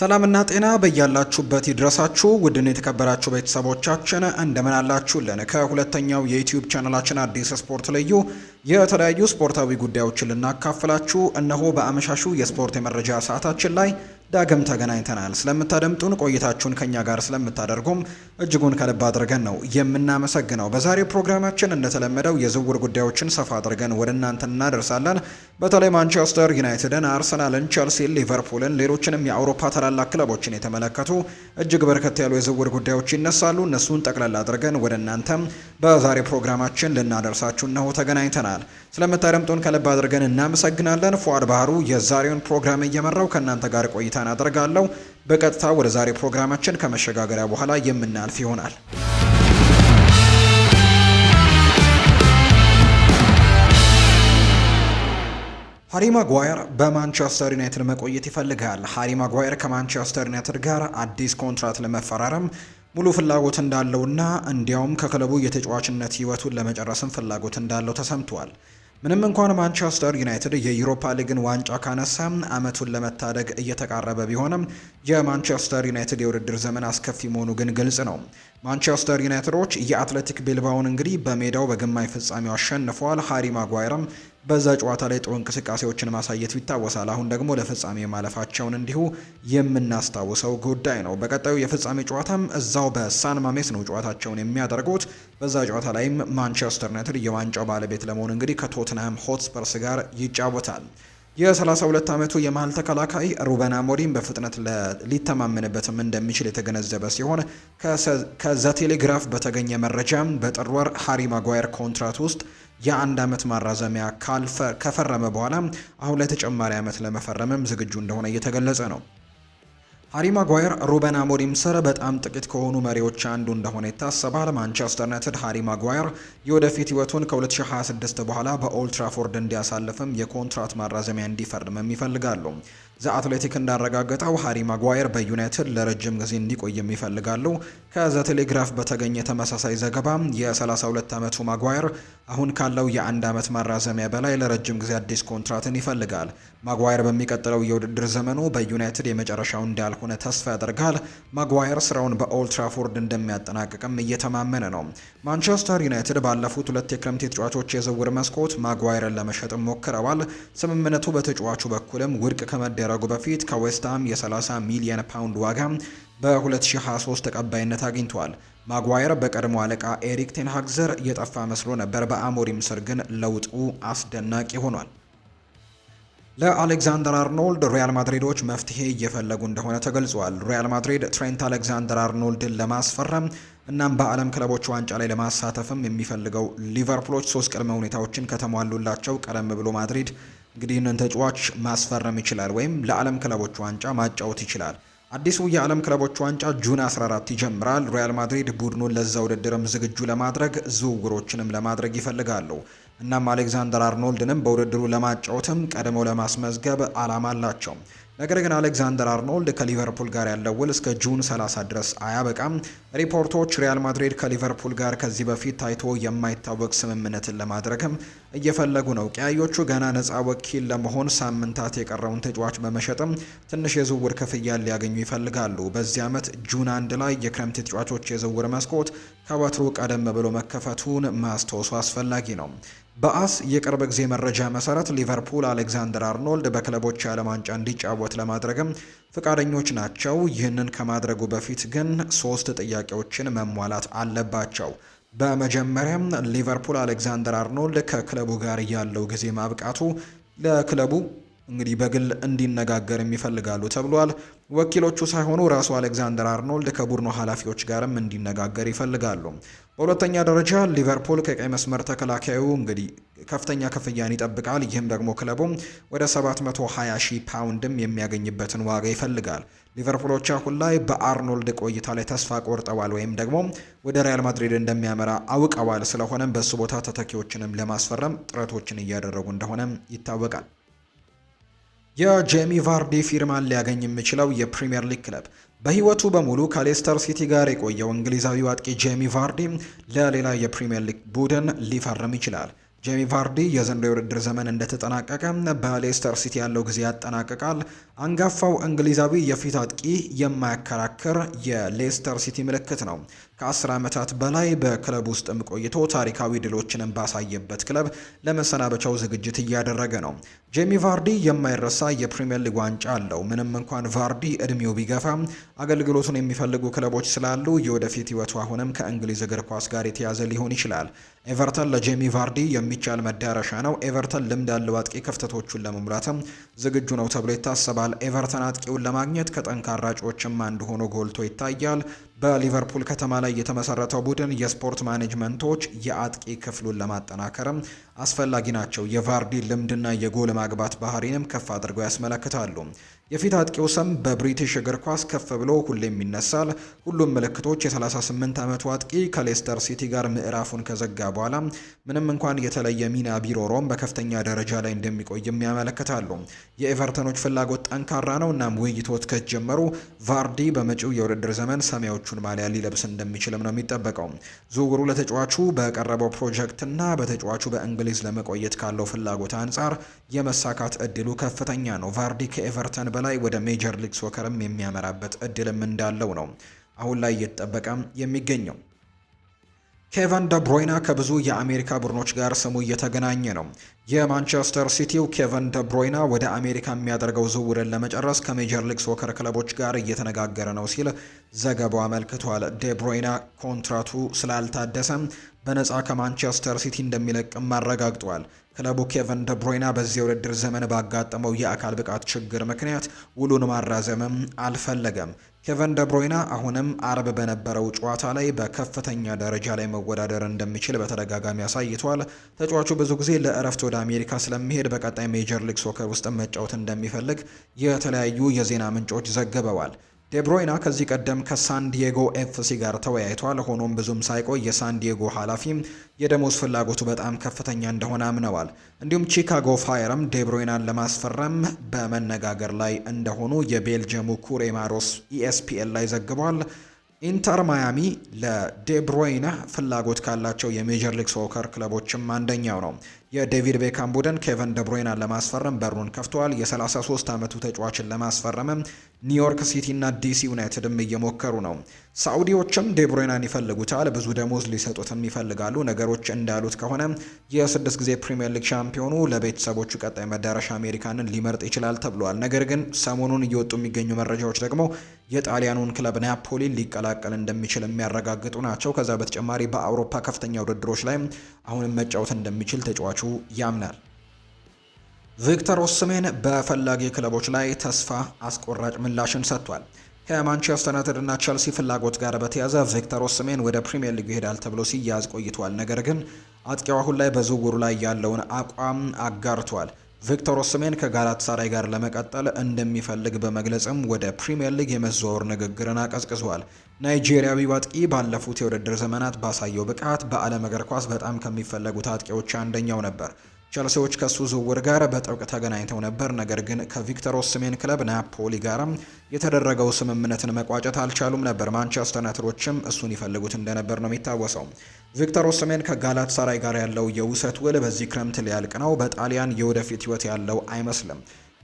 ሰላምና ጤና በያላችሁበት ይድረሳችሁ ውድን የተከበራችሁ ቤተሰቦቻችን እንደምን አላችሁልን? ከሁለተኛው የዩትዩብ ቻናላችን አዲስ ስፖርት ልዩ የተለያዩ ስፖርታዊ ጉዳዮችን ልናካፍላችሁ እነሆ በአመሻሹ የስፖርት የመረጃ ሰዓታችን ላይ ዳግም ተገናኝተናል። ስለምታደምጡን ቆይታችሁን ከኛ ጋር ስለምታደርጉም እጅጉን ከልብ አድርገን ነው የምናመሰግነው። በዛሬው ፕሮግራማችን እንደተለመደው የዝውውር ጉዳዮችን ሰፋ አድርገን ወደ እናንተ እናደርሳለን። በተለይ ማንቸስተር ዩናይትድን፣ አርሰናልን፣ ቸልሲን፣ ሊቨርፑልን፣ ሌሎችንም የአውሮፓ ታላላቅ ክለቦችን የተመለከቱ እጅግ በርከት ያሉ የዝውውር ጉዳዮች ይነሳሉ። እነሱን ጠቅላላ አድርገን ወደ እናንተም በዛሬ ፕሮግራማችን ልናደርሳችሁ እነሆ ተገናኝተናል። ይሆናል። ስለምታደምጡን ከልብ አድርገን እናመሰግናለን። ፏድ ባህሩ የዛሬውን ፕሮግራም እየመራው ከእናንተ ጋር ቆይታን አደርጋለሁ። በቀጥታ ወደ ዛሬ ፕሮግራማችን ከመሸጋገሪያ በኋላ የምናልፍ ይሆናል። ሃሪ ማጓየር በማንቸስተር ዩናይትድ መቆየት ይፈልጋል። ሃሪ ማጓየር ከማንቸስተር ዩናይትድ ጋር አዲስ ኮንትራት ለመፈራረም ሙሉ ፍላጎት እንዳለውና እንዲያውም ከክለቡ የተጫዋችነት ህይወቱን ለመጨረስም ፍላጎት እንዳለው ተሰምቷል። ምንም እንኳን ማንቸስተር ዩናይትድ የዩሮፓ ሊግን ዋንጫ ካነሳ አመቱን ለመታደግ እየተቃረበ ቢሆንም የማንቸስተር ዩናይትድ የውድድር ዘመን አስከፊ መሆኑ ግን ግልጽ ነው። ማንቸስተር ዩናይትዶች የአትሌቲክ ቢልባውን እንግዲህ በሜዳው በግማሽ ፍጻሜው አሸንፈዋል። ሃሪ ማጓይረም በዛ ጨዋታ ላይ ጥሩ እንቅስቃሴዎችን ማሳየት ይታወሳል። አሁን ደግሞ ለፍጻሜ ማለፋቸውን እንዲሁ የምናስታውሰው ጉዳይ ነው። በቀጣዩ የፍጻሜ ጨዋታም እዛው በሳን ማሜስ ነው ጨዋታቸውን የሚያደርጉት። በዛ ጨዋታ ላይም ማንቸስተር ዩናይትድ የዋንጫው ባለቤት ለመሆን እንግዲህ ከቶትንሃም ሆትስፐርስ ጋር ይጫወታል። የ32 ዓመቱ የመሀል ተከላካይ ሩበን አሞሪም በፍጥነት ሊተማመንበትም እንደሚችል የተገነዘበ ሲሆን ከዘቴሌግራፍ በተገኘ መረጃም በጥር ወር ሃሪ ማጓየር ኮንትራት ውስጥ የአንድ ዓመት ማራዘሚያ ከፈረመ በኋላ አሁን ለተጨማሪ ዓመት ለመፈረምም ዝግጁ እንደሆነ እየተገለጸ ነው። ሃሪ ማጓየር ሩበን አሞሪም ስር በጣም ጥቂት ከሆኑ መሪዎች አንዱ እንደሆነ ይታሰባል። ማንቸስተር ዩናይትድ ሃሪ ማጓየር የወደፊት ህይወቱን ከ2026 በኋላ በኦልትራፎርድ እንዲያሳልፍም የኮንትራት ማራዘሚያ እንዲፈርምም ይፈልጋሉ። አትሌቲክ እንዳረጋገጠው ሃሪ ማጓየር በዩናይትድ ለረጅም ጊዜ እንዲቆይም ይፈልጋሉ። ቴሌግራፍ በተገኘ ተመሳሳይ ዘገባ የ32 ዓመቱ ማጓየር አሁን ካለው የአንድ ዓመት ማራዘሚያ በላይ ለረጅም ጊዜ አዲስ ኮንትራትን ይፈልጋል። ማጓየር በሚቀጥለው የውድድር ዘመኑ በዩናይትድ የመጨረሻው እንዳልሆነ ተስፋ ያደርጋል። ማጓየር ስራውን በኦልትራፎርድ እንደሚያጠናቅቅም እየተማመነ ነው። ማንቸስተር ዩናይትድ ባለፉት ሁለት የክረምት የተጫዋቾች የዝውውር መስኮት ማጓየርን ለመሸጥም ሞክረዋል። ስምምነቱ በተጫዋቹ በኩልም ውድቅ ከመደ ከመደረጉ በፊት ከዌስትሃም የ30 ሚሊየን ፓውንድ ዋጋ በ2023 ተቀባይነት አግኝቷል። ማጓየር በቀድሞ አለቃ ኤሪክ ቴንሃግ ዘር የጠፋ መስሎ ነበር። በአሞሪም ስር ግን ለውጡ አስደናቂ ሆኗል። ለአሌክዛንደር አርኖልድ ሪያል ማድሪዶች መፍትሄ እየፈለጉ እንደሆነ ተገልጿል። ሪያል ማድሪድ ትሬንት አሌክዛንደር አርኖልድን ለማስፈረም እናም በዓለም ክለቦች ዋንጫ ላይ ለማሳተፍም የሚፈልገው ሊቨርፑሎች ሶስት ቅድመ ሁኔታዎችን ከተሟሉላቸው ቀደም ብሎ ማድሪድ እንግዲህ ይህንን ተጫዋች ማስፈረም ይችላል ወይም ለዓለም ክለቦች ዋንጫ ማጫወት ይችላል። አዲሱ የዓለም ክለቦች ዋንጫ ጁን 14 ይጀምራል። ሪያል ማድሪድ ቡድኑን ለዛ ውድድርም ዝግጁ ለማድረግ ዝውውሮችንም ለማድረግ ይፈልጋሉ። እናም አሌክዛንደር አርኖልድንም በውድድሩ ለማጫወትም ቀድመው ለማስመዝገብ አላማ አላቸው። ነገር ግን አሌክዛንደር አርኖልድ ከሊቨርፑል ጋር ያለው ውል እስከ ጁን 30 ድረስ አያበቃም። ሪፖርቶች ሪያል ማድሪድ ከሊቨርፑል ጋር ከዚህ በፊት ታይቶ የማይታወቅ ስምምነትን ለማድረግም እየፈለጉ ነው። ቀያዮቹ ገና ነፃ ወኪል ለመሆን ሳምንታት የቀረውን ተጫዋች በመሸጥም ትንሽ የዝውውር ክፍያ ሊያገኙ ይፈልጋሉ። በዚህ ዓመት ጁን አንድ ላይ የክረምት ተጫዋቾች የዝውውር መስኮት ከወትሮ ቀደም ብሎ መከፈቱን ማስታወሱ አስፈላጊ ነው። በአስ የቅርብ ጊዜ መረጃ መሰረት ሊቨርፑል አሌክዛንደር አርኖልድ በክለቦች የዓለም ዋንጫ እንዲጫወት ለማድረግም ፍቃደኞች ናቸው። ይህንን ከማድረጉ በፊት ግን ሶስት ጥያቄዎችን መሟላት አለባቸው። በመጀመሪያም ሊቨርፑል አሌክዛንደር አርኖልድ ከክለቡ ጋር ያለው ጊዜ ማብቃቱ ለክለቡ እንግዲህ በግል እንዲነጋገር የሚፈልጋሉ ተብሏል። ወኪሎቹ ሳይሆኑ ራሱ አሌክዛንደር አርኖልድ ከቡድኑ ኃላፊዎች ጋርም እንዲነጋገር ይፈልጋሉ። በሁለተኛ ደረጃ ሊቨርፑል ከቀይ መስመር ተከላካዩ እንግዲህ ከፍተኛ ክፍያን ይጠብቃል። ይህም ደግሞ ክለቡ ወደ 720 ሺህ ፓውንድም የሚያገኝበትን ዋጋ ይፈልጋል። ሊቨርፑሎች አሁን ላይ በአርኖልድ ቆይታ ላይ ተስፋ ቆርጠዋል ወይም ደግሞ ወደ ሪያል ማድሪድ እንደሚያመራ አውቀዋል። ስለሆነም በእሱ ቦታ ተተኪዎችንም ለማስፈረም ጥረቶችን እያደረጉ እንደሆነ ይታወቃል። የጄሚ ቫርዲ ፊርማን ሊያገኝ የሚችለው የፕሪምየር ሊግ ክለብ በህይወቱ በሙሉ ከሌስተር ሲቲ ጋር የቆየው እንግሊዛዊው አጥቂ ጄሚ ቫርዲ ለሌላ የፕሪምየር ሊግ ቡድን ሊፈርም ይችላል። ጄሚ ቫርዲ የዘንድሮ የውድድር ዘመን እንደተጠናቀቀ በሌስተር ሲቲ ያለው ጊዜ ያጠናቅቃል። አንጋፋው እንግሊዛዊ የፊት አጥቂ የማያከራክር የሌስተር ሲቲ ምልክት ነው። ከአስር ዓመታት በላይ በክለብ ውስጥም ቆይቶ ታሪካዊ ድሎችንም ባሳየበት ክለብ ለመሰናበቻው ዝግጅት እያደረገ ነው። ጄሚ ቫርዲ የማይረሳ የፕሪምየር ሊግ ዋንጫ አለው። ምንም እንኳን ቫርዲ እድሜው ቢገፋ አገልግሎቱን የሚፈልጉ ክለቦች ስላሉ የወደፊት ሕይወቱ አሁንም ከእንግሊዝ እግር ኳስ ጋር የተያዘ ሊሆን ይችላል። ኤቨርተን ለጄሚ ቫርዲ የሚቻል መዳረሻ ነው። ኤቨርተን ልምድ ያለው አጥቂ ክፍተቶቹን ለመሙላትም ዝግጁ ነው ተብሎ ይታሰባል። ኤቨርተን አጥቂውን ለማግኘት ከጠንካራ እጩዎችም አንዱ ሆኖ ጎልቶ ይታያል። በሊቨርፑል ከተማ ላይ የተመሰረተው ቡድን የስፖርት ማኔጅመንቶች የአጥቂ ክፍሉን ለማጠናከርም አስፈላጊ ናቸው። የቫርዲ ልምድና የጎል ማግባት ባህሪንም ከፍ አድርገው ያስመለክታሉ። የፊት አጥቂው ስም በብሪቲሽ እግር ኳስ ከፍ ብሎ ሁሌም ይነሳል። ሁሉም ምልክቶች የ38 ዓመቱ አጥቂ ከሌስተር ሲቲ ጋር ምዕራፉን ከዘጋ በኋላ ምንም እንኳን የተለየ ሚና ቢሮሮም በከፍተኛ ደረጃ ላይ እንደሚቆይም ያመለክታሉ። የኤቨርተኖች ፍላጎት ጠንካራ ነው። እናም ውይይቶች ከጀመሩ ቫርዲ በመጪው የውድድር ዘመን ሰማያዊዎቹን ማሊያ ሊለብስ እንደሚችልም ነው የሚጠበቀው። ዝውውሩ ለተጫዋቹ በቀረበው ፕሮጀክትና በተጫዋቹ በእንግሊዝ በእንግሊዝ ለመቆየት ካለው ፍላጎት አንጻር የመሳካት እድሉ ከፍተኛ ነው። ቫርዲ ከኤቨርተን በላይ ወደ ሜጀር ሊግ ሶከርም የሚያመራበት እድልም እንዳለው ነው አሁን ላይ እየተጠበቀ የሚገኘው። ኬቨን ደብሮይና ከብዙ የአሜሪካ ቡድኖች ጋር ስሙ እየተገናኘ ነው። የማንቸስተር ሲቲው ኬቨን ደብሮይና ወደ አሜሪካ የሚያደርገው ዝውውርን ለመጨረስ ከሜጀር ሊግ ሶከር ክለቦች ጋር እየተነጋገረ ነው ሲል ዘገባው አመልክቷል። ደብሮይና ኮንትራቱ ስላልታደሰም በነፃ ከማንቸስተር ሲቲ እንደሚለቅም አረጋግጧል። ክለቡ ኬቨን ደብሮይና በዚህ ውድድር ዘመን ባጋጠመው የአካል ብቃት ችግር ምክንያት ውሉን ማራዘምም አልፈለገም። ኬቨን ደብሮይና አሁንም አርብ በነበረው ጨዋታ ላይ በከፍተኛ ደረጃ ላይ መወዳደር እንደሚችል በተደጋጋሚ አሳይቷል። ተጫዋቹ ብዙ ጊዜ ለእረፍት ወደ አሜሪካ ስለሚሄድ በቀጣይ ሜጀር ሊግ ሶከር ውስጥ መጫወት እንደሚፈልግ የተለያዩ የዜና ምንጮች ዘግበዋል። ዴብሮይና ከዚህ ቀደም ከሳንዲየጎ ኤፍሲ ጋር ተወያይቷል። ሆኖም ብዙም ሳይቆይ የሳንዲየጎ ኃላፊም የደሞዝ ፍላጎቱ በጣም ከፍተኛ እንደሆነ አምነዋል። እንዲሁም ቺካጎ ፋየርም ዴብሮይናን ለማስፈረም በመነጋገር ላይ እንደሆኑ የቤልጅየሙ ኩሬማሮስ ኢኤስፒኤል e ላይ ዘግቧል። ኢንተር ማያሚ ለዴብሮይና ፍላጎት ካላቸው የሜጀር ሊግ ሶከር ክለቦችም አንደኛው ነው። የዴቪድ ቤካም ቡድን ኬቨን ደብሮይናን ለማስፈረም በሩን ከፍተዋል። የ33 ዓመቱ ተጫዋችን ለማስፈረምም ኒውዮርክ ሲቲ ዲሲ ዩናይትድም እየሞከሩ ነው። ሳዑዲዎችም ዴብሮይናን ይፈልጉታል፣ ብዙ ደሞዝ ሊሰጡትም ይፈልጋሉ። ነገሮች እንዳሉት ከሆነ የስድስት ጊዜ ፕሪምየር ሊግ ሻምፒዮኑ ለቤተሰቦቹ ቀጣይ መዳረሻ አሜሪካንን ሊመርጥ ይችላል ተብሏል። ነገር ግን ሰሞኑን እየወጡ የሚገኙ መረጃዎች ደግሞ የጣሊያኑን ክለብ ናፖሊ ሊቀላቀል እንደሚችል የሚያረጋግጡ ናቸው። ከዛ በተጨማሪ በአውሮፓ ከፍተኛ ውድድሮች ላይ አሁንም መጫወት እንደሚችል ተጫዋች ተጫዋቹ ያምናል። ቪክተር ኦስሜን በፈላጊ ክለቦች ላይ ተስፋ አስቆራጭ ምላሽን ሰጥቷል። ከማንቸስተር እና ቸልሲ ፍላጎት ጋር በተያዘ ቪክተር ኦስሜን ወደ ፕሪምየር ሊግ ይሄዳል ተብሎ ሲያዝ ቆይቷል። ነገር ግን አጥቂው አሁን ላይ በዝውውሩ ላይ ያለውን አቋም አጋርቷል። ቪክቶር ኦስሜን ከጋላት ሳራይ ጋር ለመቀጠል እንደሚፈልግ በመግለጽም ወደ ፕሪምየር ሊግ የመዘዋወር ንግግርን አቀዝቅዟል። ናይጄሪያዊ አጥቂ ባለፉት የውድድር ዘመናት ባሳየው ብቃት በዓለም እግር ኳስ በጣም ከሚፈለጉት አጥቂዎች አንደኛው ነበር። ቸልሲዎች ከሱ ዝውውር ጋር በጥብቅ ተገናኝተው ነበር። ነገር ግን ከቪክተር ኦስሜን ክለብ ናፖሊ ጋርም የተደረገው ስምምነትን መቋጨት አልቻሉም ነበር። ማንቸስተር ነትሮችም እሱን ይፈልጉት እንደነበር ነው የሚታወሰው። ቪክተር ኦስሜን ከጋላት ሳራይ ጋር ያለው የውሰት ውል በዚህ ክረምት ሊያልቅ ነው። በጣሊያን የወደፊት ህይወት ያለው አይመስልም።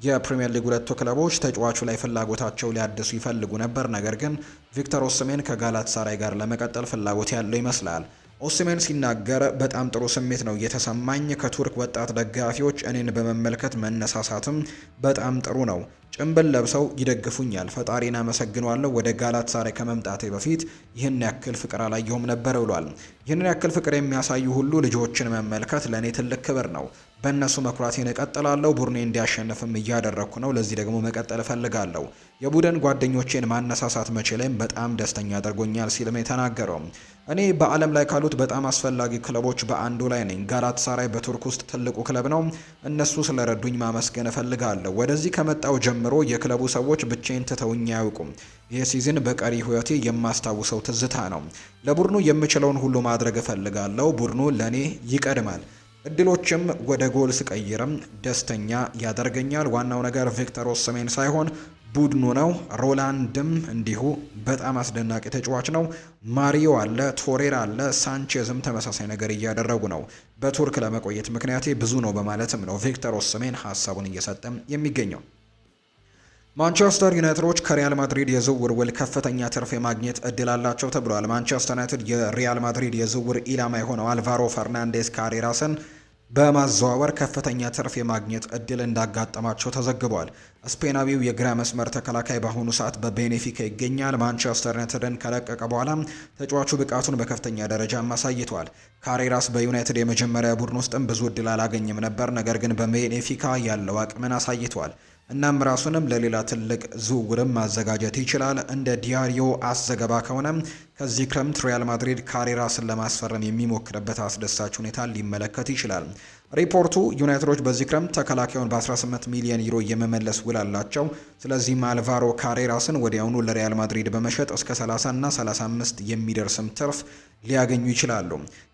የፕሪምየር ሊግ ሁለቱ ክለቦች ተጫዋቹ ላይ ፍላጎታቸው ሊያድሱ ይፈልጉ ነበር። ነገር ግን ቪክተር ኦስሜን ከጋላት ሳራይ ጋር ለመቀጠል ፍላጎት ያለው ይመስላል። ኦስሜን ሲናገር በጣም ጥሩ ስሜት ነው የተሰማኝ። ከቱርክ ወጣት ደጋፊዎች እኔን በመመልከት መነሳሳትም በጣም ጥሩ ነው። ጭንብል ለብሰው ይደግፉኛል። ፈጣሪን አመሰግነዋለሁ። ወደ ጋላት ሳሬ ከመምጣቴ በፊት ይህን ያክል ፍቅር አላየሁም ነበር ብሏል። ይህንን ያክል ፍቅር የሚያሳዩ ሁሉ ልጆችን መመልከት ለእኔ ትልቅ ክብር ነው። በእነሱ መኩራቴን እቀጥላለሁ። ቡድኔ እንዲያሸንፍም እያደረግኩ ነው። ለዚህ ደግሞ መቀጠል እፈልጋለሁ። የቡድን ጓደኞቼን ማነሳሳት መችሌም በጣም ደስተኛ አድርጎኛል ሲል የተናገረው። እኔ በዓለም ላይ ካሉት በጣም አስፈላጊ ክለቦች በአንዱ ላይ ነኝ። ጋላት ሳራይ በቱርክ ውስጥ ትልቁ ክለብ ነው። እነሱ ስለረዱኝ ማመስገን እፈልጋለሁ። ወደዚህ ከመጣው ጀምሮ የክለቡ ሰዎች ብቻዬን ትተውኝ አያውቁም። ይህ ሲዝን በቀሪ ሕይወቴ የማስታውሰው ትዝታ ነው። ለቡድኑ የምችለውን ሁሉ ማድረግ እፈልጋለሁ። ቡድኑ ለእኔ ይቀድማል። እድሎችም ወደ ጎል ስቀይርም ደስተኛ ያደርገኛል። ዋናው ነገር ቪክተር ኦሰሜን ሳይሆን ቡድኑ ነው። ሮላንድም እንዲሁ በጣም አስደናቂ ተጫዋች ነው። ማሪዮ አለ፣ ቶሬራ አለ፣ ሳንቼዝም ተመሳሳይ ነገር እያደረጉ ነው። በቱርክ ለመቆየት ምክንያቴ ብዙ ነው በማለትም ነው ቪክተር ኦሰሜን ሀሳቡን እየሰጠም የሚገኘው። ማንቸስተር ዩናይትዶች ከሪያል ማድሪድ የዝውውር ውል ከፍተኛ ትርፍ የማግኘት እድል አላቸው ተብሏል። ማንቸስተር ዩናይትድ የሪያል ማድሪድ የዝውውር ኢላማ የሆነው አልቫሮ ፈርናንዴስ ካሬራስን በማዘዋወር ከፍተኛ ትርፍ የማግኘት እድል እንዳጋጠማቸው ተዘግቧል። ስፔናዊው የግራ መስመር ተከላካይ በአሁኑ ሰዓት በቤኔፊካ ይገኛል። ማንቸስተር ዩናይትድን ከለቀቀ በኋላ ተጫዋቹ ብቃቱን በከፍተኛ ደረጃ አሳይቷል። ካሬራስ በዩናይትድ የመጀመሪያ ቡድን ውስጥም ብዙ እድል አላገኘም ነበር፣ ነገር ግን በቤኔፊካ ያለው አቅምን አሳይቷል። እናም ራሱንም ለሌላ ትልቅ ዝውውርም ማዘጋጀት ይችላል። እንደ ዲያሪዮ አዘገባ ከሆነ ከዚህ ክረምት ሪያል ማድሪድ ካሬራስን ለማስፈረም የሚሞክርበት አስደሳች ሁኔታ ሊመለከት ይችላል። ሪፖርቱ ዩናይትዶች በዚህ ክረምት ተከላካዩን በ18 ሚሊዮን ዩሮ የመመለስ ውል አላቸው። ስለዚህም አልቫሮ ካሬራስን ወዲያውኑ ለሪያል ማድሪድ በመሸጥ እስከ 30 እና 35 የሚደርስም ትርፍ ሊያገኙ ይችላሉ።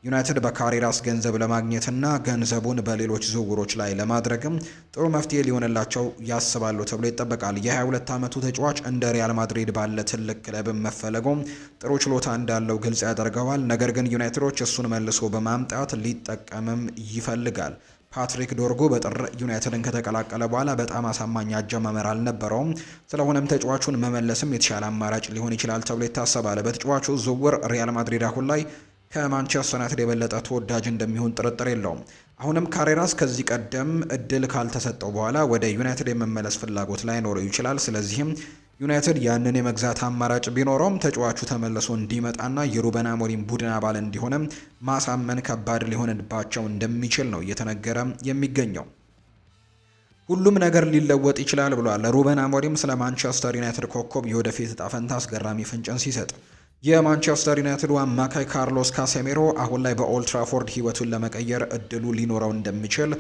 ዩናይትድ በካሬራስ ገንዘብ ለማግኘትና ገንዘቡን በሌሎች ዝውውሮች ላይ ለማድረግም ጥሩ መፍትሄ ሊሆንላቸው ያስባሉ ተብሎ ይጠበቃል። የ22 ዓመቱ ተጫዋች እንደ ሪያል ማድሪድ ባለ ትልቅ ክለብ መፈለጉም ጥሩ ችሎታ እንዳለው ግልጽ ያደርገዋል። ነገር ግን ዩናይትዶች እሱን መልሶ በማምጣት ሊጠቀምም ይፈልጋል። ያደርጋል። ፓትሪክ ዶርጉ በጥር ዩናይትድን ከተቀላቀለ በኋላ በጣም አሳማኝ አጀማመር አልነበረውም። ስለሆነም ተጫዋቹን መመለስም የተሻለ አማራጭ ሊሆን ይችላል ተብሎ ይታሰባል። በተጫዋቹ ዝውውር ሪያል ማድሪድ አሁን ላይ ከማንቸስተር ዩናይትድ የበለጠ ተወዳጅ እንደሚሆን ጥርጥር የለውም። አሁንም ካሬራስ ከዚህ ቀደም እድል ካልተሰጠው በኋላ ወደ ዩናይትድ የመመለስ ፍላጎት ላይኖረው ይችላል። ስለዚህም ዩናይትድ ያንን የመግዛት አማራጭ ቢኖረውም ተጫዋቹ ተመልሶ እንዲመጣና የሩበን አሞሪም ቡድን አባል እንዲሆንም ማሳመን ከባድ ሊሆንባቸው እንደሚችል ነው እየተነገረ የሚገኘው። ሁሉም ነገር ሊለወጥ ይችላል ብሏል ሩበን አሞሪም ስለ ማንቸስተር ዩናይትድ ኮከብ የወደፊት እጣ ፈንታ አስገራሚ ፍንጭን ሲሰጥ የማንቸስተር ዩናይትዱ አማካይ ካርሎስ ካሴሜሮ አሁን ላይ በኦልትራፎርድ ህይወቱን ለመቀየር እድሉ ሊኖረው እንደሚችል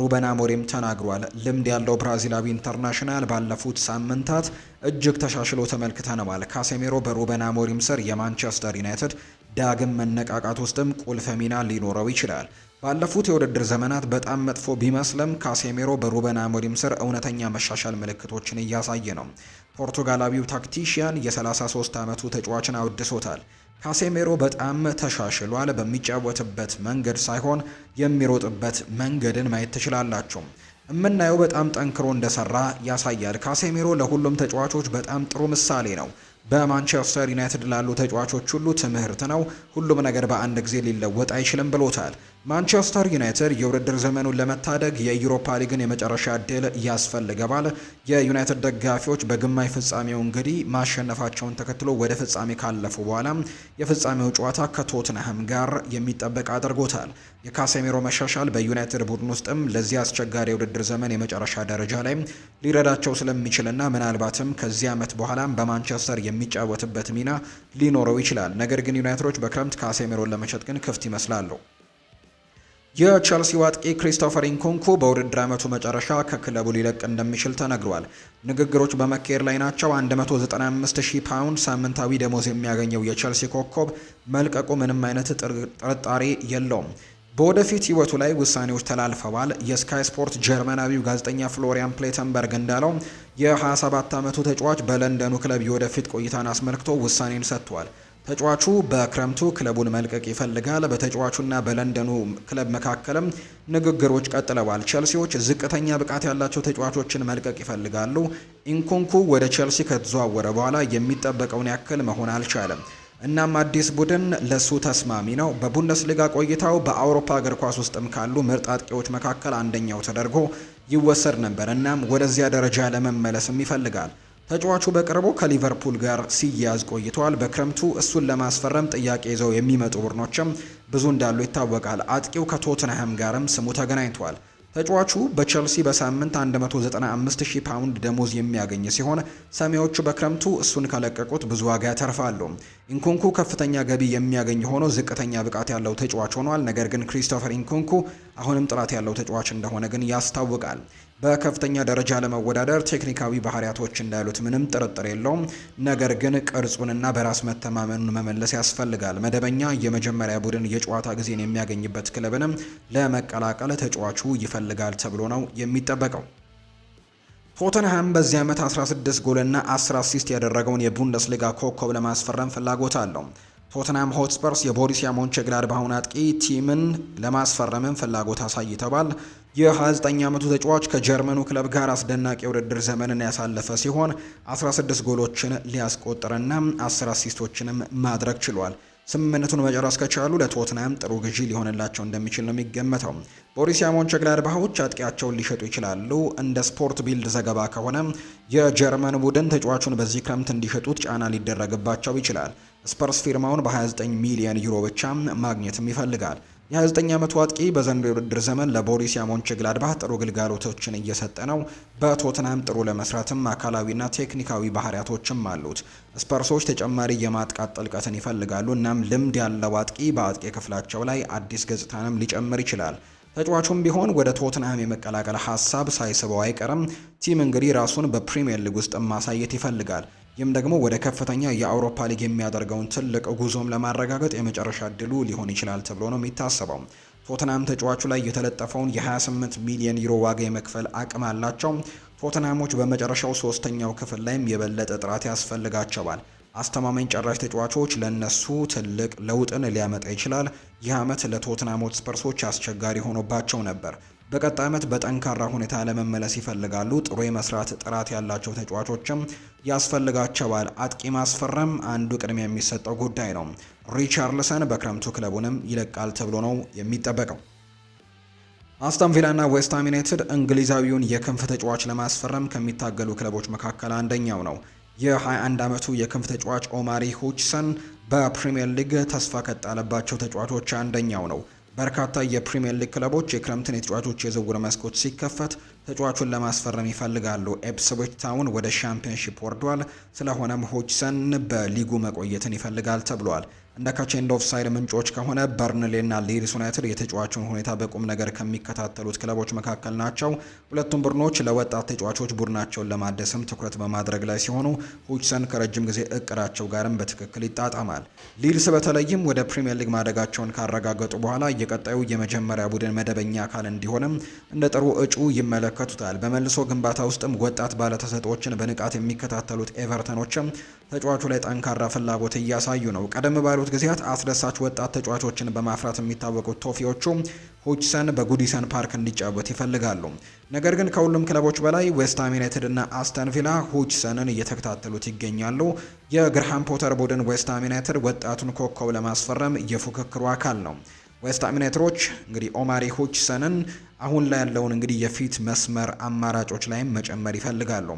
ሩበን አሞሪም ተናግሯል። ልምድ ያለው ብራዚላዊ ኢንተርናሽናል ባለፉት ሳምንታት እጅግ ተሻሽሎ ተመልክተነዋል። ካሴሜሮ በሩበን አሞሪም ስር የማንቸስተር ዩናይትድ ዳግም መነቃቃት ውስጥም ቁልፍ ሚና ሊኖረው ይችላል። ባለፉት የውድድር ዘመናት በጣም መጥፎ ቢመስልም ካሴሜሮ በሩበን አሞሪም ስር እውነተኛ መሻሻል ምልክቶችን እያሳየ ነው። ፖርቱጋላዊው ታክቲሽያን የ33 ዓመቱ ተጫዋችን አውድሶታል። ካሴሜሮ በጣም ተሻሽሏል። በሚጫወትበት መንገድ ሳይሆን የሚሮጥበት መንገድን ማየት ትችላላችሁ። የምናየው በጣም ጠንክሮ እንደሰራ ያሳያል። ካሴሜሮ ለሁሉም ተጫዋቾች በጣም ጥሩ ምሳሌ ነው። በማንቸስተር ዩናይትድ ላሉ ተጫዋቾች ሁሉ ትምህርት ነው። ሁሉም ነገር በአንድ ጊዜ ሊለወጥ አይችልም ብሎታል። ማንቸስተር ዩናይትድ የውድድር ዘመኑን ለመታደግ የዩሮፓ ሊግን የመጨረሻ ድል ያስፈልገባል። የዩናይትድ ደጋፊዎች በግማሽ ፍጻሜው እንግዲህ ማሸነፋቸውን ተከትሎ ወደ ፍጻሜ ካለፉ በኋላ የፍጻሜው ጨዋታ ከቶትንሃም ጋር የሚጠበቅ አድርጎታል። የካሴሜሮ መሻሻል በዩናይትድ ቡድን ውስጥም ለዚህ አስቸጋሪ የውድድር ዘመን የመጨረሻ ደረጃ ላይ ሊረዳቸው ስለሚችልና ምናልባትም ከዚህ ዓመት በኋላም በማንቸስተር የሚጫወትበት ሚና ሊኖረው ይችላል። ነገር ግን ዩናይትዶች በክረምት ካሴሜሮን ለመሸጥ ግን ክፍት ይመስላሉ። የቼልሲው አጥቂ ክሪስቶፈር ኢንኮንኩ በውድድር ዓመቱ መጨረሻ ከክለቡ ሊለቅ እንደሚችል ተነግሯል። ንግግሮች በመካሄድ ላይ ናቸው። 195000 ፓውንድ ሳምንታዊ ደሞዝ የሚያገኘው የቸልሲ ኮከብ መልቀቁ ምንም አይነት ጥርጣሬ የለውም። በወደፊት ሕይወቱ ላይ ውሳኔዎች ተላልፈዋል። የስካይ ስፖርት ጀርመናዊው ጋዜጠኛ ፍሎሪያን ፕሌተንበርግ እንዳለው የ27 ዓመቱ ተጫዋች በለንደኑ ክለብ የወደፊት ቆይታን አስመልክቶ ውሳኔን ሰጥቷል። ተጫዋቹ በክረምቱ ክለቡን መልቀቅ ይፈልጋል። በተጫዋቹና በለንደኑ ክለብ መካከልም ንግግሮች ቀጥለዋል። ቸልሲዎች ዝቅተኛ ብቃት ያላቸው ተጫዋቾችን መልቀቅ ይፈልጋሉ። ኢንኩንኩ ወደ ቸልሲ ከተዘዋወረ በኋላ የሚጠበቀውን ያክል መሆን አልቻለም። እናም አዲስ ቡድን ለሱ ተስማሚ ነው። በቡንደስሊጋ ቆይታው በአውሮፓ እግር ኳስ ውስጥም ካሉ ምርጥ አጥቂዎች መካከል አንደኛው ተደርጎ ይወሰድ ነበር። እናም ወደዚያ ደረጃ ለመመለስም ይፈልጋል። ተጫዋቹ በቅርቡ ከሊቨርፑል ጋር ሲያያዝ ቆይተዋል። በክረምቱ እሱን ለማስፈረም ጥያቄ ይዘው የሚመጡ ቡድኖችም ብዙ እንዳሉ ይታወቃል። አጥቂው ከቶትንሃም ጋርም ስሙ ተገናኝቷል። ተጫዋቹ በቸልሲ በሳምንት 195 ፓውንድ ደሞዝ የሚያገኝ ሲሆን ሰሜዎቹ በክረምቱ እሱን ከለቀቁት ብዙ ዋጋ ያተርፋሉ። ኢንኩንኩ ከፍተኛ ገቢ የሚያገኝ ሆኖ ዝቅተኛ ብቃት ያለው ተጫዋች ሆኗል። ነገር ግን ክሪስቶፈር ኢንኩንኩ አሁንም ጥራት ያለው ተጫዋች እንደሆነ ግን ያስታውቃል። በከፍተኛ ደረጃ ለመወዳደር ቴክኒካዊ ባህሪያቶች እንዳሉት ምንም ጥርጥር የለውም። ነገር ግን ቅርጹንና በራስ መተማመኑን መመለስ ያስፈልጋል። መደበኛ የመጀመሪያ ቡድን የጨዋታ ጊዜን የሚያገኝበት ክለብንም ለመቀላቀል ተጫዋቹ ይፈልጋል ተብሎ ነው የሚጠበቀው። ቶተንሃም በዚህ ዓመት 16 ጎልና 10 አሲስት ያደረገውን የቡንደስሊጋ ኮከብ ለማስፈረም ፍላጎት አለው። ቶተንሃም ሆትስፐርስ የቦሪሲያ በአሁን አጥቂ ቲምን ለማስፈረምም ፍላጎት አሳይተዋል። የ29 ዓመቱ ተጫዋች ከጀርመኑ ክለብ ጋር አስደናቂ የውድድር ዘመንን ያሳለፈ ሲሆን 16 ጎሎችን ሊያስቆጥርና 10 አሲስቶችንም ማድረግ ችሏል። ስምምነቱን መጨረስ ከቻሉ ለቶትናም ጥሩ ግዢ ሊሆንላቸው እንደሚችል ነው የሚገመተው። ቦሩሲያ ሞንቸግላድባሆች አጥቂያቸውን ሊሸጡ ይችላሉ። እንደ ስፖርት ቢልድ ዘገባ ከሆነ የጀርመን ቡድን ተጫዋቹን በዚህ ክረምት እንዲሸጡት ጫና ሊደረግባቸው ይችላል። ስፐርስ ፊርማውን በ29 ሚሊዮን ዩሮ ብቻ ማግኘትም ይፈልጋል። የ29 ዓመቱ አጥቂ በዘንድሮው የውድድር ዘመን ለቦሪሲያ ግላድባህ ጥሩ ግልጋሎቶችን እየሰጠ ነው። በቶትናም ጥሩ ለመስራትም አካላዊና ቴክኒካዊ ባህሪያቶችም አሉት። ስፐርሶች ተጨማሪ የማጥቃት ጥልቀትን ይፈልጋሉ። እናም ልምድ ያለው አጥቂ በአጥቂ ክፍላቸው ላይ አዲስ ገጽታንም ሊጨምር ይችላል። ተጫዋቹም ቢሆን ወደ ቶተንሃም የመቀላቀል ሀሳብ ሳይስበው አይቀርም። ቲም እንግዲህ ራሱን በፕሪምየር ሊግ ውስጥ ማሳየት ይፈልጋል። ይህም ደግሞ ወደ ከፍተኛ የአውሮፓ ሊግ የሚያደርገውን ትልቅ ጉዞም ለማረጋገጥ የመጨረሻ እድሉ ሊሆን ይችላል ተብሎ ነው የሚታሰበው። ቶትናም ተጫዋቹ ላይ የተለጠፈውን የ28 ሚሊዮን ዩሮ ዋጋ የመክፈል አቅም አላቸው። ቶትናሞች በመጨረሻው ሶስተኛው ክፍል ላይም የበለጠ ጥራት ያስፈልጋቸዋል። አስተማማኝ ጨራሽ ተጫዋቾች ለነሱ ትልቅ ለውጥን ሊያመጣ ይችላል። ይህ ዓመት ለቶትናም ሆትስፐርሶች አስቸጋሪ ሆኖባቸው ነበር። በቀጣይ ዓመት በጠንካራ ሁኔታ ለመመለስ ይፈልጋሉ። ጥሩ የመስራት ጥራት ያላቸው ተጫዋቾችም ያስፈልጋቸዋል። አጥቂ ማስፈረም አንዱ ቅድሚያ የሚሰጠው ጉዳይ ነው። ሪቻርልሰን በክረምቱ ክለቡንም ይለቃል ተብሎ ነው የሚጠበቀው። አስተን ቪላና ዌስትሃም ዩናይትድ እንግሊዛዊውን የክንፍ ተጫዋች ለማስፈረም ከሚታገሉ ክለቦች መካከል አንደኛው ነው። የ21 ዓመቱ የክንፍ ተጫዋች ኦማሪ ሁችሰን በፕሪምየር ሊግ ተስፋ ከጣለባቸው ተጫዋቾች አንደኛው ነው። በርካታ የፕሪምየር ሊግ ክለቦች የክረምትን የተጫዋቾች የዝውውር መስኮት ሲከፈት ተጫዋቹን ለማስፈረም ይፈልጋሉ። ኤፕስዊች ታውን ወደ ሻምፒዮንሺፕ ወርዷል። ስለሆነም ሆችሰን በሊጉ መቆየትን ይፈልጋል ተብሏል። እንደ ካቼንድ ኦፍ ሳይድ ምንጮች ከሆነ በርንሌና ሊድስ ዩናይትድ የተጫዋቹን ሁኔታ በቁም ነገር ከሚከታተሉት ክለቦች መካከል ናቸው። ሁለቱም ቡድኖች ለወጣት ተጫዋቾች ቡድናቸውን ለማደስም ትኩረት በማድረግ ላይ ሲሆኑ ሁችሰን ከረጅም ጊዜ እቅዳቸው ጋርም በትክክል ይጣጣማል። ሊድስ በተለይም ወደ ፕሪምየር ሊግ ማደጋቸውን ካረጋገጡ በኋላ የቀጣዩ የመጀመሪያ ቡድን መደበኛ አካል እንዲሆንም እንደ ጥሩ እጩ ይመለከቱታል። በመልሶ ግንባታ ውስጥም ወጣት ባለተሰጦችን በንቃት የሚከታተሉት ኤቨርተኖችም ተጫዋቹ ላይ ጠንካራ ፍላጎት እያሳዩ ነው። ቀደም ባሉ ባሉት ጊዜያት አስደሳች ወጣት ተጫዋቾችን በማፍራት የሚታወቁት ቶፊዎቹ ሆችሰን በጉዲሰን ፓርክ እንዲጫወት ይፈልጋሉ። ነገር ግን ከሁሉም ክለቦች በላይ ዌስትሃም ዩናይትድ እና አስተን ቪላ ሆችሰንን እየተከታተሉት ይገኛሉ። የግርሃም ፖተር ቡድን ዌስትሃም ዩናይትድ ወጣቱን ኮከብ ለማስፈረም የፉክክሩ አካል ነው። ዌስትሃም ዩናይትዶች እንግዲህ ኦማሪ ሆችሰንን አሁን ላይ ያለውን እንግዲህ የፊት መስመር አማራጮች ላይም መጨመር ይፈልጋሉ።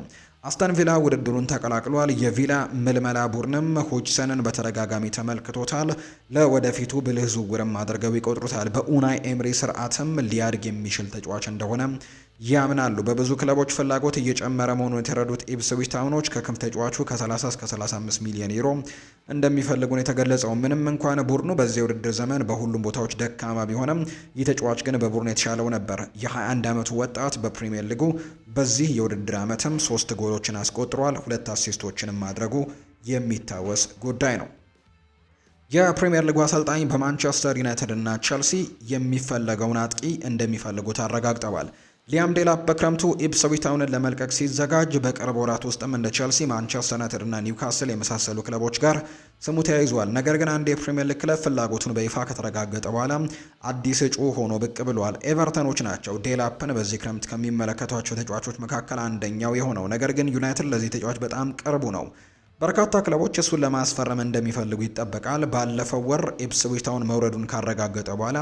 አስተን ቪላ ውድድሩን ተቀላቅሏል። የቪላ ምልመላ ቡድንም ሆጅሰንን በተደጋጋሚ ተመልክቶታል። ለወደፊቱ ብልህ ዝውውርም አድርገው ይቆጥሩታል። በኡናይ ኤምሪ ስርዓትም ሊያድግ የሚችል ተጫዋች እንደሆነ ያምናሉ። በብዙ ክለቦች ፍላጎት እየጨመረ መሆኑን የተረዱት ኢፕስዊች ታውኖች ከክንፍ ተጫዋቹ ከ30 እስከ 35 ሚሊዮን ዩሮ እንደሚፈልጉ የተገለጸው። ምንም እንኳን ቡድኑ በዚህ የውድድር ዘመን በሁሉም ቦታዎች ደካማ ቢሆንም ይህ ተጫዋች ግን በቡድኑ የተሻለው ነበር። የ21 ዓመቱ ወጣት በፕሪምየር ሊጉ በዚህ የውድድር ዓመትም ሶስት ጎሎችን አስቆጥሯል። ሁለት አሲስቶችንም ማድረጉ የሚታወስ ጉዳይ ነው። የፕሪምየር ሊጉ አሰልጣኝ በማንቸስተር ዩናይትድ እና ቸልሲ የሚፈለገውን አጥቂ እንደሚፈልጉት አረጋግጠዋል። ሊያም ዴላፕ በክረምቱ ኢፕስዊች ታውንን ለመልቀቅ ሲዘጋጅ በቅርብ ወራት ውስጥም እንደ ቸልሲ፣ ማንቸስተር ዩናይትድ እና ኒውካስል የመሳሰሉ ክለቦች ጋር ስሙ ተያይዟል። ነገር ግን አንድ የፕሪምየር ሊግ ክለብ ፍላጎቱን በይፋ ከተረጋገጠ በኋላ አዲስ እጩ ሆኖ ብቅ ብሏል። ኤቨርተኖች ናቸው ዴላፕን በዚህ ክረምት ከሚመለከቷቸው ተጫዋቾች መካከል አንደኛው የሆነው። ነገር ግን ዩናይትድ ለዚህ ተጫዋች በጣም ቅርቡ ነው። በርካታ ክለቦች እሱን ለማስፈረም እንደሚፈልጉ ይጠበቃል። ባለፈው ወር ኢፕስዊች ታውን መውረዱን ካረጋገጠ በኋላ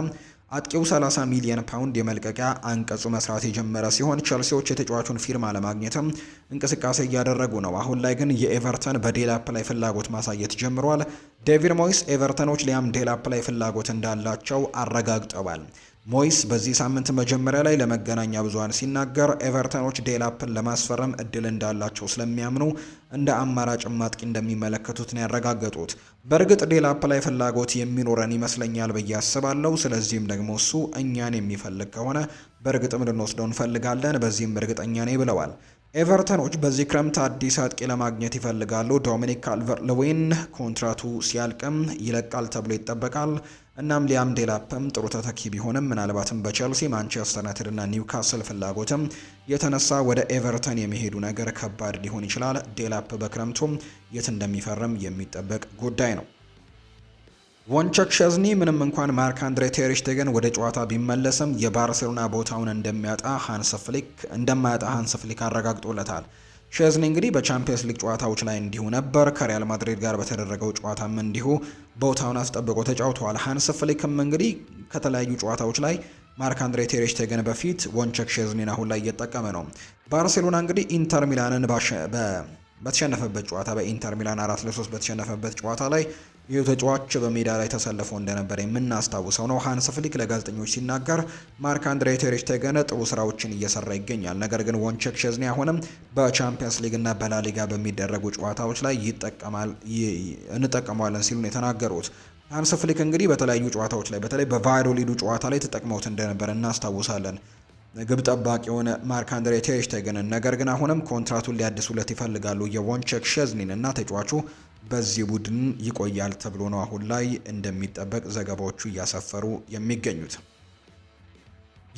አጥቂው 30 ሚሊዮን ፓውንድ የመልቀቂያ አንቀጹ መስራት የጀመረ ሲሆን ቸልሲዎች የተጫዋቹን ፊርማ ለማግኘትም እንቅስቃሴ እያደረጉ ነው። አሁን ላይ ግን የኤቨርተን በዴላፕ ላይ ፍላጎት ማሳየት ጀምሯል። ዴቪድ ሞይስ ኤቨርተኖች ሊያም ዴላፕ ላይ ፍላጎት እንዳላቸው አረጋግጠዋል። ሞይስ በዚህ ሳምንት መጀመሪያ ላይ ለመገናኛ ብዙሃን ሲናገር ኤቨርተኖች ዴላፕን ለማስፈረም እድል እንዳላቸው ስለሚያምኑ እንደ አማራጭ ማጥቂ እንደሚመለከቱት ነው ያረጋገጡት። በእርግጥ ዴላፕ ላይ ፍላጎት የሚኖረን ይመስለኛል ብዬ አስባለሁ። ስለዚህም ደግሞ እሱ እኛን የሚፈልግ ከሆነ በእርግጥም ልንወስደው እንፈልጋለን፣ በዚህም እርግጠኛ ነኝ ብለዋል። ኤቨርተኖች በዚህ ክረምት አዲስ አጥቂ ለማግኘት ይፈልጋሉ። ዶሚኒክ ካልቨር ለዌን ኮንትራቱ ሲያልቅም ይለቃል ተብሎ ይጠበቃል። እናም ሊያም ዴላፕም ጥሩ ተተኪ ቢሆንም ምናልባትም በቸልሲ ማንቸስተር ዩናይትድ እና ኒውካስል ፍላጎትም የተነሳ ወደ ኤቨርተን የመሄዱ ነገር ከባድ ሊሆን ይችላል። ዴላፕ በክረምቱም የት እንደሚፈርም የሚጠበቅ ጉዳይ ነው። ወንቸክ ሸዝኒ ምንም እንኳን ማርክ አንድሬ ቴርሽቴገን ወደ ጨዋታ ቢመለስም የባርሴሎና ቦታውን እንደሚያጣ ሃንስ ፍሊክ እንደማያጣ ሃንስ ፍሊክ አረጋግጦለታል። ሸዝኒ እንግዲህ በቻምፒየንስ ሊግ ጨዋታዎች ላይ እንዲሁ ነበር። ከሪያል ማድሪድ ጋር በተደረገው ጨዋታም እንዲሁ ቦታውን አስጠብቆ ተጫውተዋል። ሃንስ ፍሊክም እንግዲህ ከተለያዩ ጨዋታዎች ላይ ማርክ አንድሬ ቴርሽቴገን በፊት ወንቸክ ሸዝኒን አሁን ላይ እየጠቀመ ነው። ባርሴሎና እንግዲህ ኢንተር ሚላንን በተሸነፈበት ጨዋታ በኢንተር ሚላን አራት ለሶስት በተሸነፈበት ጨዋታ ላይ ይህ ተጫዋች በሜዳ ላይ ተሰልፎ እንደነበረ የምናስታውሰው ነው። ሀንስ ፍሊክ ለጋዜጠኞች ሲናገር ማርክ አንድሬ ተር ጥሩ ስራዎችን እየሰራ ይገኛል፣ ነገር ግን ወንቸክ ሸዝኒ አሁንም በቻምፒየንስ ሊግ እና በላሊጋ በሚደረጉ ጨዋታዎች ላይ ይጠቀማል እንጠቀመዋለን ሲሉን የተናገሩት ሃንስ ፍሊክ እንግዲህ በተለያዩ ጨዋታዎች ላይ በተለይ በቫይሮሊዱ ጨዋታ ላይ ተጠቅመውት እንደነበር እናስታውሳለን። ግብ ጠባቂ የሆነ ማርክ አንድሬ ቴርሽቴገንን ነገር ግን አሁንም ኮንትራቱን ሊያድሱለት ይፈልጋሉ። የቮንቸክ ሸዝኒን እና ተጫዋቹ በዚህ ቡድን ይቆያል ተብሎ ነው አሁን ላይ እንደሚጠበቅ ዘገባዎቹ እያሰፈሩ የሚገኙት።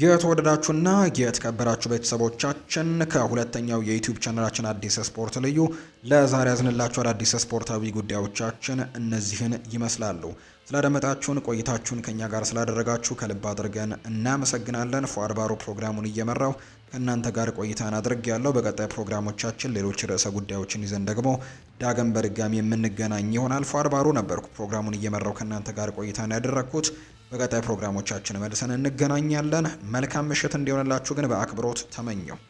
የተወደዳችሁና የተከበራችሁ ቤተሰቦቻችን ከሁለተኛው የዩቲዩብ ቻናላችን አዲስ ስፖርት ልዩ ለዛሬ ያዝንላችሁ አዳዲስ ስፖርታዊ ጉዳዮቻችን እነዚህን ይመስላሉ። ስላደመጣችሁን ቆይታችሁን ከኛ ጋር ስላደረጋችሁ ከልብ አድርገን እናመሰግናለን። ፏአድባሩ ፕሮግራሙን እየመራው ከእናንተ ጋር ቆይታን አድርግ ያለው። በቀጣይ ፕሮግራሞቻችን ሌሎች ርዕሰ ጉዳዮችን ይዘን ደግሞ ዳግም በድጋሚ የምንገናኝ ይሆናል። ፏአድባሩ ነበርኩ ፕሮግራሙን እየመራው ከእናንተ ጋር ቆይታን ያደረግኩት። በቀጣይ ፕሮግራሞቻችን መልሰን እንገናኛለን። መልካም ምሽት እንዲሆንላችሁ ግን በአክብሮት ተመኘው።